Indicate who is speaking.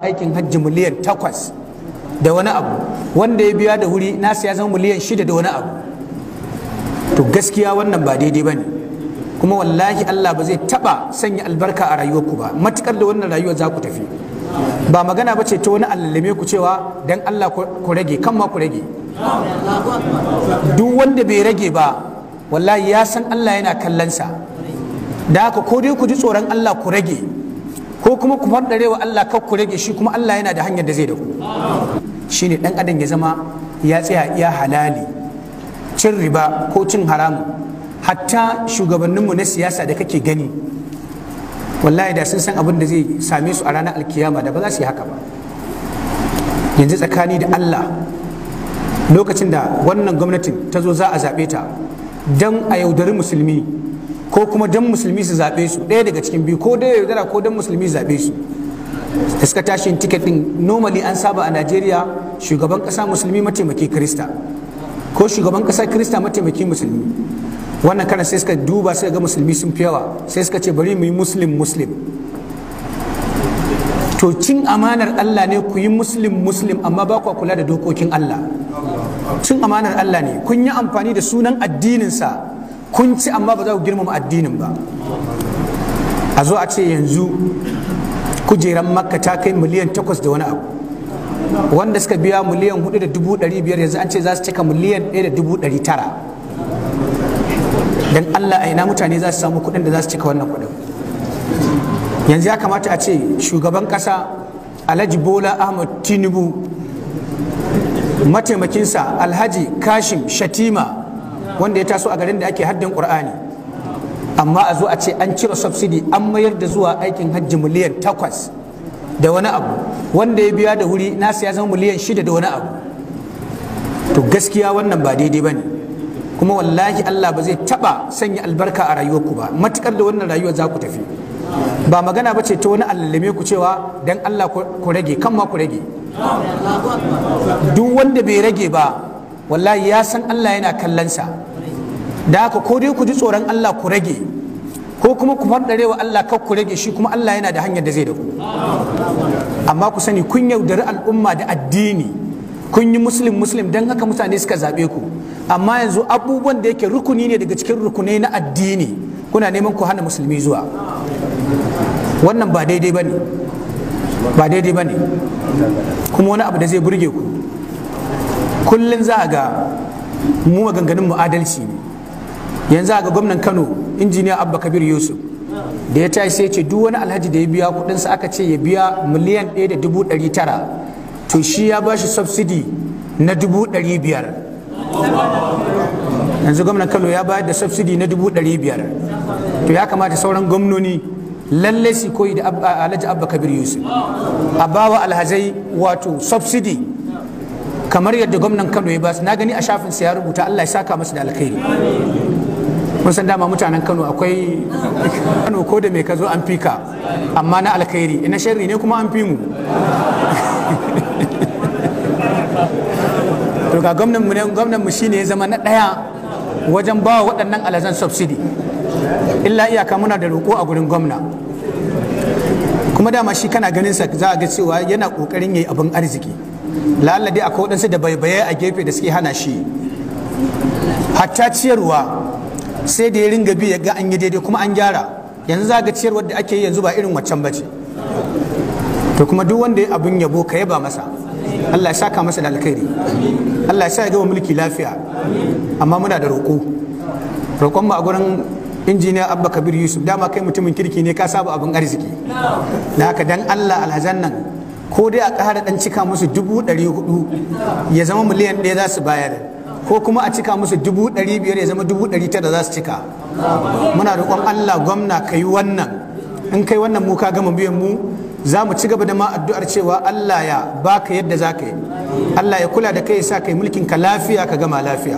Speaker 1: aikin hajji miliyan takwas da wani abu wanda ya biya da wuri nasa ya zama miliyan shida da wani abu to gaskiya wannan ba daidai ba ne kuma wallahi Allah ba zai taba sanya albarka a ku ba matukar da wannan rayuwar za ku tafi ba magana ba ce ta wani allalame ku cewa dan Allah ku rage kan ma ku rage duk wanda bai rage ba wallahi ya san Allah yana kallon da haka ko dai ku ji tsoron Allah ku rage ko kuma ku fadare wa Allah kar ku rage shi kuma Allah yana da hanyar da zai da ku ne ɗan adam ya zama ya tsaya ya halali cin riba ko cin haramu hatta shugabanninmu na siyasa da kake gani wallahi da sun san abin da zai same su a ranar alkiyama da ba za su yi haka ba yanzu tsakani da Allah lokacin da wannan gwamnatin ta zo za a zaɓe ta don a yaudari musulmi ko kuma dan musulmi su zaɓe su ɗaya daga cikin biyu ko dai yaudara ko dan musulmi zaɓe su da suka tashi tiket ɗin normally an saba a najeriya shugaban ƙasa musulmi mataimaki krista ko shugaban ƙasa krista mataimaki musulmi wannan karan sai suka duba sai ga musulmi sun fi yawa sai suka ce bari mu yi muslim muslim to cin amanar allah ne ku yi muslim muslim amma ba ku kula da dokokin allah cin amanar allah ne kun yi amfani da sunan addininsa kun ci amma ba za ku girmama addinin ba a zo a ce yanzu kujeran makka ta kai miliyan takwas da wani abu wanda suka biya miliyan hudu da dubu dari biyar yanzu an ce za su cika miliyan ɗaya da dubu dari tara don allah a ina mutane za su samu kuɗin da za su cika wannan kuɗin yanzu ya kamata a ce shugaban ƙasa alhaji bola ahmad tinubu mataimakinsa alhaji kashim shatima wanda ya taso a garin da ake haddin qur'ani amma a zo a ce an cire subsidy an mayar da zuwa aikin hajji miliyan takwas da wani abu wanda ya biya da wuri nasa ya zama miliyan shida da wani abu to gaskiya wannan ba daidai ba ne kuma wallahi Allah ba zai taba sanya albarka a rayuwarku ba matukar da wannan rayuwar za ku tafi ba magana ba ce ta wani allalame ku cewa dan Allah ku rage kan ma ku rage duk wanda bai rage ba wallahi ya san Allah yana kallonsa da haka ko dai ku ji tsoron Allah ku rage ko kuma ku faɗare wa Allah kar ku rage shi kuma Allah yana da hanyar da zai da ku amma ku sani kun yaudari al'umma da addini kun yi muslim muslim don haka mutane suka zaɓe ku amma yanzu abubuwan da yake rukuni ne daga cikin rukunai na addini kuna neman ku hana musulmi zuwa wannan ba daidai ba ne ba daidai ba ne kuma wani abu da zai burge ku kullum za a ga mu maganganun mu adalci ne yanzu a ga gwamnan kano injiniya abba kabir yusuf da ya tashi sai ce duk wani alhaji da ya biya kudinsa aka ce ya biya miliyan ɗaya da dubu ɗari tara to shi ya ba shi subsidi na dubu ɗari biyar yanzu gwamnan kano ya bayar da subsidi na dubu ɗari biyar to ya kamata sauran gwamnoni lalle su koyi da alhaji abba kabir yusuf a bawa alhazai wato subsidi kamar yadda gwamnan kano ya basu na gani a shafin sa ya rubuta allah ya saka masu da alkhairi mun san dama mutanen kano akwai kano ko da mai ka zo an fi ka amma na alkhairi ina sharri ne kuma an fi mu to ga gwamnan mu ne shine ya zama na daya wajen ba waɗannan alazan subsidy illa iyaka muna da roƙo a gurin gwamna kuma dama shi kana ganin sa za a ga cewa yana ƙoƙarin yayi abin arziki lalade a waɗansu da baibaye a gefe da suke hana shi hatta ciyarwa sai da ya ringa bi ya ga an yi daidai kuma an gyara yanzu za ga ciyarwar da ake yi yanzu ba irin waccan ba ce to kuma duk wanda ya abun yabo ka yaba masa Allah ya saka masa da alkhairi Allah ya sa ya gama mulki lafiya amma muna da roƙo roƙon mu a gurin injiniya abba kabir yusuf dama kai mutumin kirki ne ka saba abin arziki na haka dan Allah alhazan nan ko dai a ƙara ɗan cika musu dubu ɗari hudu ya zama miliyan ɗaya za su bayar ko kuma a cika musu dubu ɗari biyar ya zama dubu ɗari tara za su cika muna roƙon allah gwamna ka yi wannan in kai wannan mu ka gama biyan mu za mu ci gaba da ma addu'ar cewa Allah ya baka yadda za ka yi Allah ya kula da kai ya sa kai mulkin ka lafiya ka gama lafiya